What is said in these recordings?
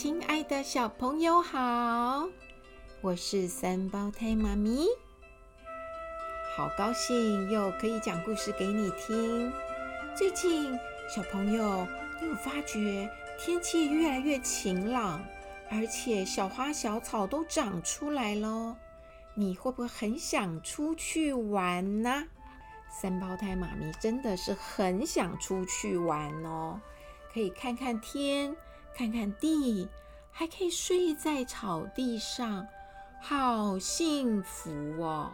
親愛的小朋友好，我是三胞胎媽咪，好高興又可以講故事給你聽。最近小朋友，你有發覺天氣越來越晴朗，而且小花小草都長出來咯。你會不會很想出去玩呢？三胞胎媽咪真的是很想出去玩哦，可以看看天。看看地，還可以睡在草地上，好幸福哦！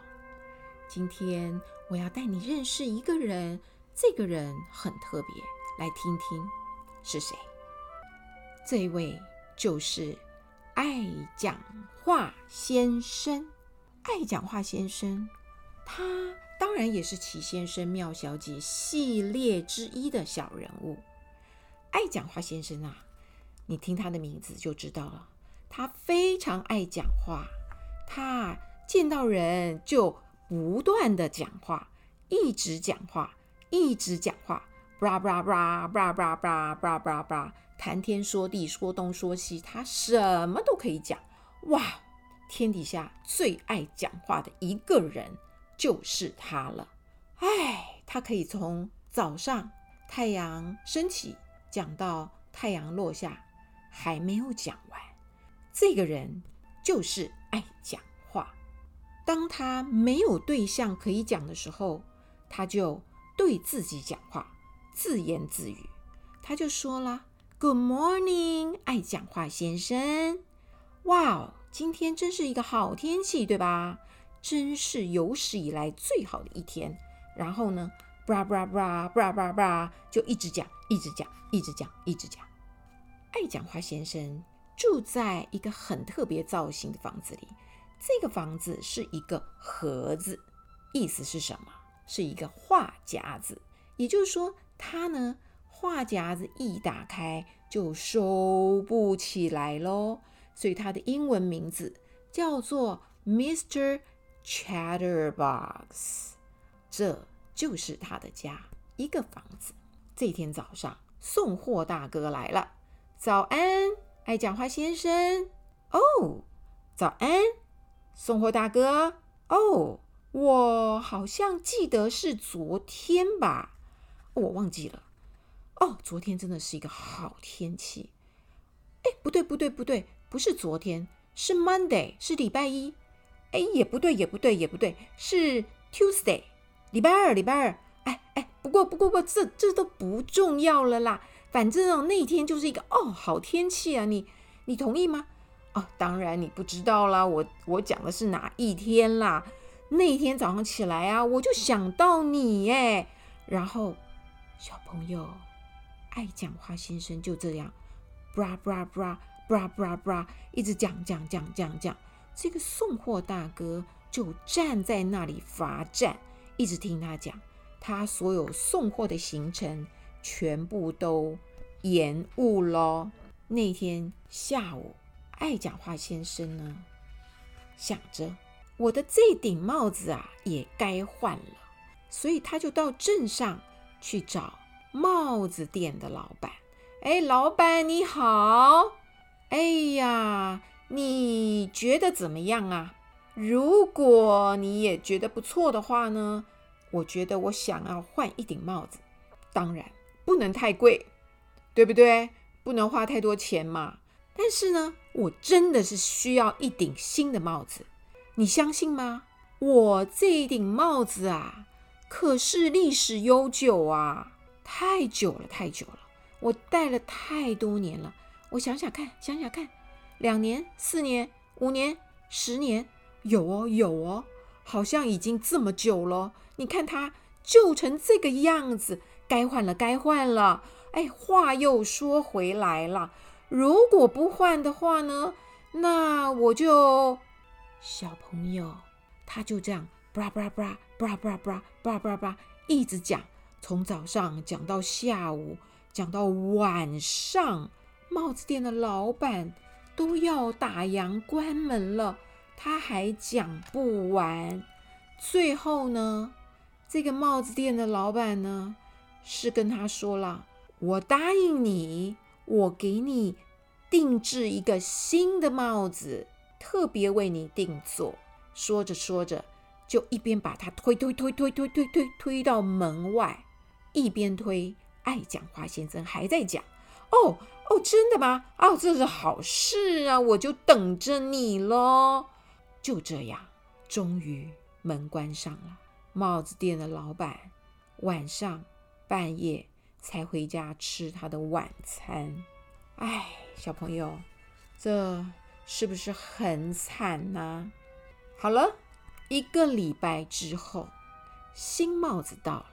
今天我要帶你認識一個人，這個人很特別，來聽聽是誰？這位就是愛講話先生。愛講話先生，他當然也是奇先生、妙小姐系列之一的小人物。愛講話先生啊！你聽他的名字就知道了，他非常愛講話，他見到人就不斷的講話，一直講話，一直講話，bra bra bra bra bra bra bra bra bra bra，談天說地，說東說西，他什麼都可以講。哇，天底下最愛講話的一個人就是他了。哎，他可以從早上太陽升起，講到太陽落下。還沒有講完，這個人就是愛講話。當他沒有對象可以講的時候，他就對自己講話，自言自語。他就說了：“Good morning，愛講話先生。哇哦，今天真是一個好天氣，對吧？真是有史以來最好的一天。”然後呢，bra bra bra bra bra bra，就一直講，一直講，一直講，一直講。愛講話先生住在一個很特別造型的房子裡，這個房子是一個盒子，意思是什麼？是一個話匣子，也就是說，他呢話匣子一打開就收不起來咯，所以他的英文名字叫做 Mr. Chatterbox，這就是他的家，一個房子。這天早上，送貨大哥來了。早安，愛講話先生。哦，早安，送貨大哥。哦，我好像記得是昨天吧？Oh, 我忘記了。哦，昨天真的是一個好天氣。哎，不對，不對，不對，不是昨天，是 Monday，是禮拜一。哎，也不對，也不對，也不對，是 Tuesday，禮拜二，禮拜二。哎哎，不過不過不過，這這都不重要了啦。反正、哦、那天就是一個哦，好天氣啊，你你同意嗎？哦，當然你不知道啦，我我講的是哪一天啦。那一天早上起來啊，我就想到你耶，然後小朋友愛講話先生就這樣，bra bra bra bra bra bra，一直講講講講講，這個送貨大哥就站在那裡罰站，一直聽他講他所有送貨的行程。全部都延誤咯，那天下午，愛講話先生呢，想着我的這頂帽子啊，也該換了，所以他就到鎮上去找帽子店的老闆。哎，老闆你好！哎呀，你覺得怎麼樣啊？如果你也覺得不錯的話呢，我覺得我想要換一頂帽子。當然。不能太貴，對不對？不能花太多錢嘛。但是呢，我真的是需要一頂新的帽子，你相信嗎？我這一頂帽子啊，可是歷史悠久啊，太久了，太久了，我戴了太多年了。我想想看，想想看，兩年、四年、五年、十年，有哦，有哦，好像已經這麼久了。你看它舊成這個樣子。該換了，該換了。哎，話又說回來了，如果不換的話呢？那我就小朋友，他就這樣，布拉布拉布拉布拉布拉布拉布拉布拉，一直講，從早上講到下午，講到晚上，帽子店的老闆都要打烊關門了，他還講不完。最後呢，這個帽子店的老闆呢？是跟他說了，我答應你，我給你定製一個新的帽子，特別為你定做。說着說着，就一邊把他推推推推推推推推推到門外，一邊推。愛講話先生還在講：“哦哦，真的嗎？哦，這是好事啊，我就等着你嘍。”就這樣，終於門關上了。帽子店的老闆晚上。半夜才回家吃他的晚餐，哎，小朋友，這是不是很慘吶？好了，一個禮拜之後，新帽子到了，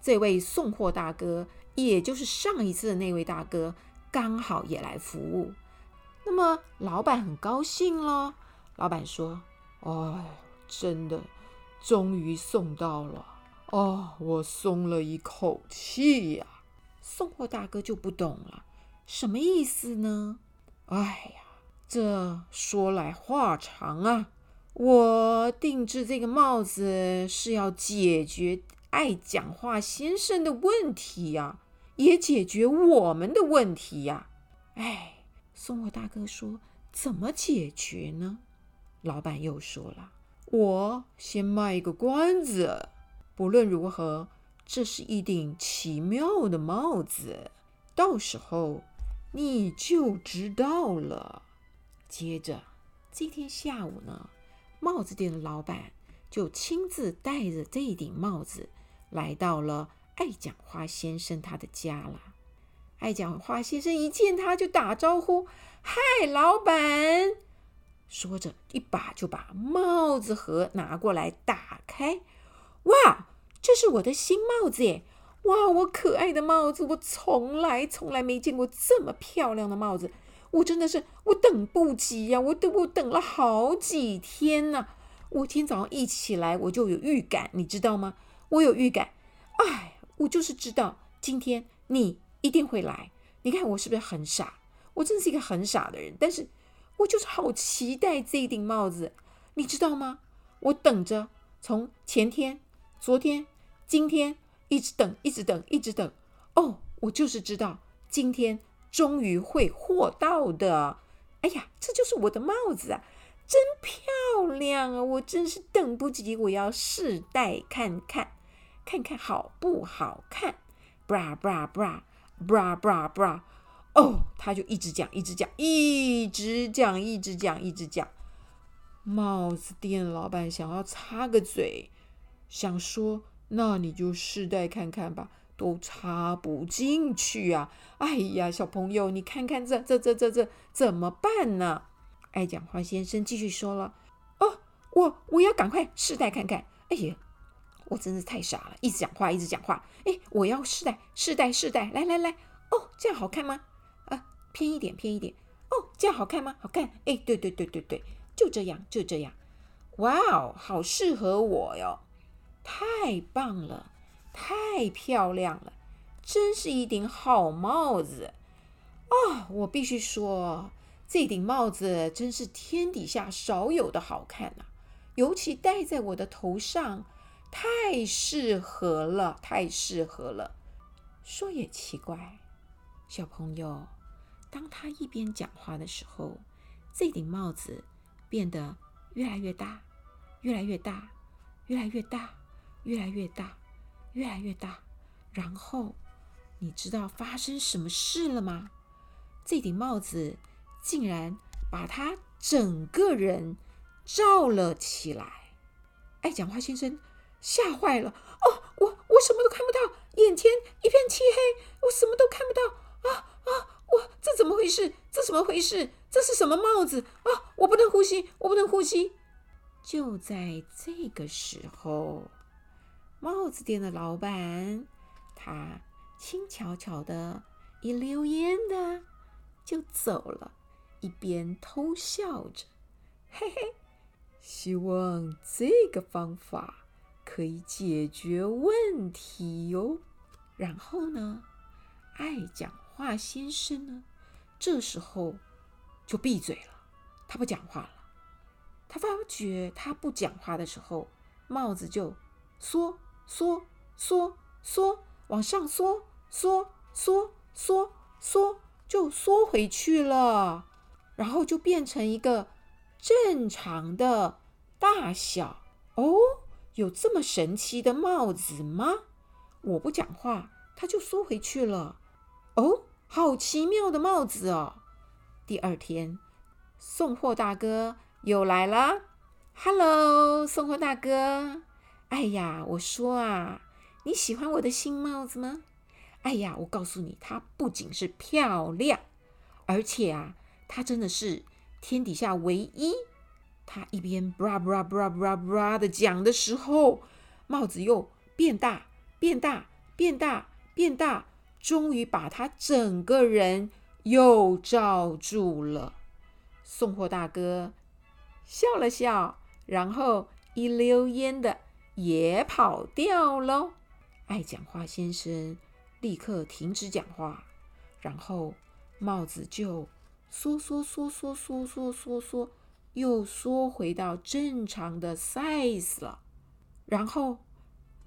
這位送貨大哥，也就是上一次的那位大哥，剛好也來服務。那麼老闆很高興嘍，老闆說：“哦，真的，終於送到了。”哦，我鬆了一口氣呀。送貨大哥就不懂了，什麼意思呢？哎呀，這說來話長啊。我定製這個帽子是要解決愛講話先生的問題呀，也解決我們的問題呀。哎，送貨大哥說怎麼解決呢？老板又說了，我先賣一個關子。不論如何，這是一頂奇妙的帽子，到時候你就知道了。接着這天下午呢，帽子店的老板就親自帶着這一頂帽子來到了愛講話先生他的家了。愛講話先生一見他就打招呼：“嗨，老板！”說着一把就把帽子盒拿過來打開。哇，這是我的新帽子耶！哇，我可愛的帽子，我從來從來沒見過這麼漂亮的帽子。我真的是，我等不及呀、啊！我等我等了好幾天吶、啊。我今天早上一起來，我就有預感，你知道嗎？我有預感，哎，我就是知道今天你一定會來。你看我是不是很傻？我真的是一個很傻的人，但是我就是好期待這一頂帽子，你知道嗎？我等着，從前天。昨天、今天一直等，一直等，一直等。哦，我就是知道今天終於會貨到的。哎呀，這就是我的帽子啊，真漂亮啊！我真是等不及，我要試戴看看，看看好不好看。bra bra bra bra bra bra。哦，他就一直講，一直講，一直講，一直講，一直講。帽子店老闆想要插個嘴。想說，那你就試戴看看吧，都插不進去啊！哎呀，小朋友，你看看這這這這這怎麼辦呢？愛講話先生繼續說了：“哦，我我要趕快試戴看看。”哎呀，我真是太傻了，一直講話一直講話。哎，我要試戴試戴試戴，來來來，哦，這樣好看嗎？啊，偏一點偏一點。哦，這樣好看嗎？好看。哎，對對對對對，就這樣就這樣。哇哦，好適合我喲。太棒了，太漂亮了，真是一頂好帽子，哦！我必須說，這頂帽子真是天底下少有的好看吶，啊，尤其戴在我的頭上，太適合了，太適合了。說也奇怪，小朋友，當他一邊講話的時候，這頂帽子變得越來越大，越來越大，越來越大。越來越大，越來越大。然後你知道發生什麼事了嗎？這頂帽子竟然把他整個人罩了起來。愛講話先生嚇壞了！哦，我我什麼都看不到，眼前一片漆黑，我什麼都看不到啊啊！我、啊、這怎麼回事？這怎麼回事？這是什麼帽子啊？我不能呼吸，我不能呼吸！就在這個時候。帽子店的老闆，他輕巧巧的，一溜煙的就走了，一邊偷笑着，嘿嘿。希望這個方法可以解決問題喲。然後呢，愛講話先生呢，這時候就閉嘴了，他不講話了。他發覺他不講話的時候，帽子就縮。縮縮縮，往上縮縮縮縮縮、縮、縮，就縮回去了，然後就變成一個正常的大小哦。有這麼神奇的帽子嗎？我不講話，它就縮回去了。哦，好奇妙的帽子哦。第二天，送貨大哥又來了，Hello，送貨大哥。哎呀，我說啊，你喜歡我的新帽子嗎？哎呀，我告訴你，它不僅是漂亮，而且啊，它真的是天底下唯一。他一邊 bra, bra bra bra bra bra 的講的時候，帽子又變大、變大、變大、變大，變大，終於把他整個人又罩住了。送貨大哥笑了笑，然後一溜煙的。也跑掉了。愛講話先生立刻停止講話，然後帽子就縮縮縮縮縮縮縮縮，又縮回到正常的 size 了。然後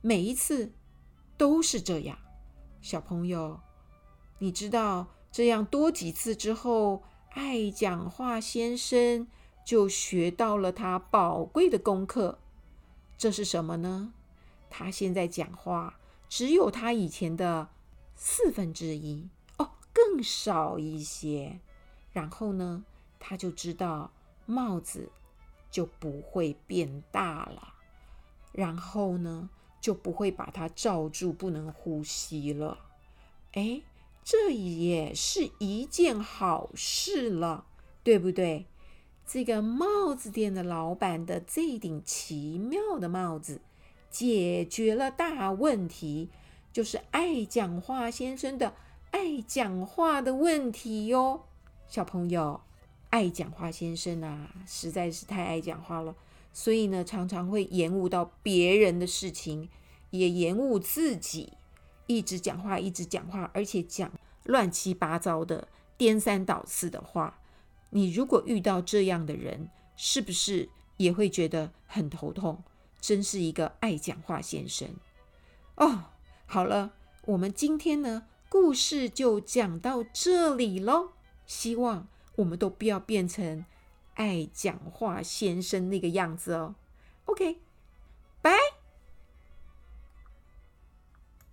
每一次都是這樣。小朋友，你知道這樣多幾次之後，愛講話先生就學到了他寶貴的功課。這是什麼呢？他現在講話只有他以前的四分之一哦，更少一些。然後呢，他就知道帽子就不會變大了，然後呢就不會把它罩住，不能呼吸了。哎，這也是一件好事了，對不對？這個帽子店的老闆的這頂奇妙的帽子，解決了大問題，就是愛講話先生的愛講話的問題喲。小朋友，愛講話先生啊，實在是太愛講話了，所以呢，常常會延誤到別人的事情，也延誤自己，一直講話，一直講話，而且講亂七八糟的、顛三倒四的話。你如果遇到這樣的人，是不是也會覺得很頭痛？真是一個愛講話先生哦！Oh, 好了，我們今天呢，故事就講到這裡嘍。希望我們都不要變成愛講話先生那個樣子哦。OK，拜。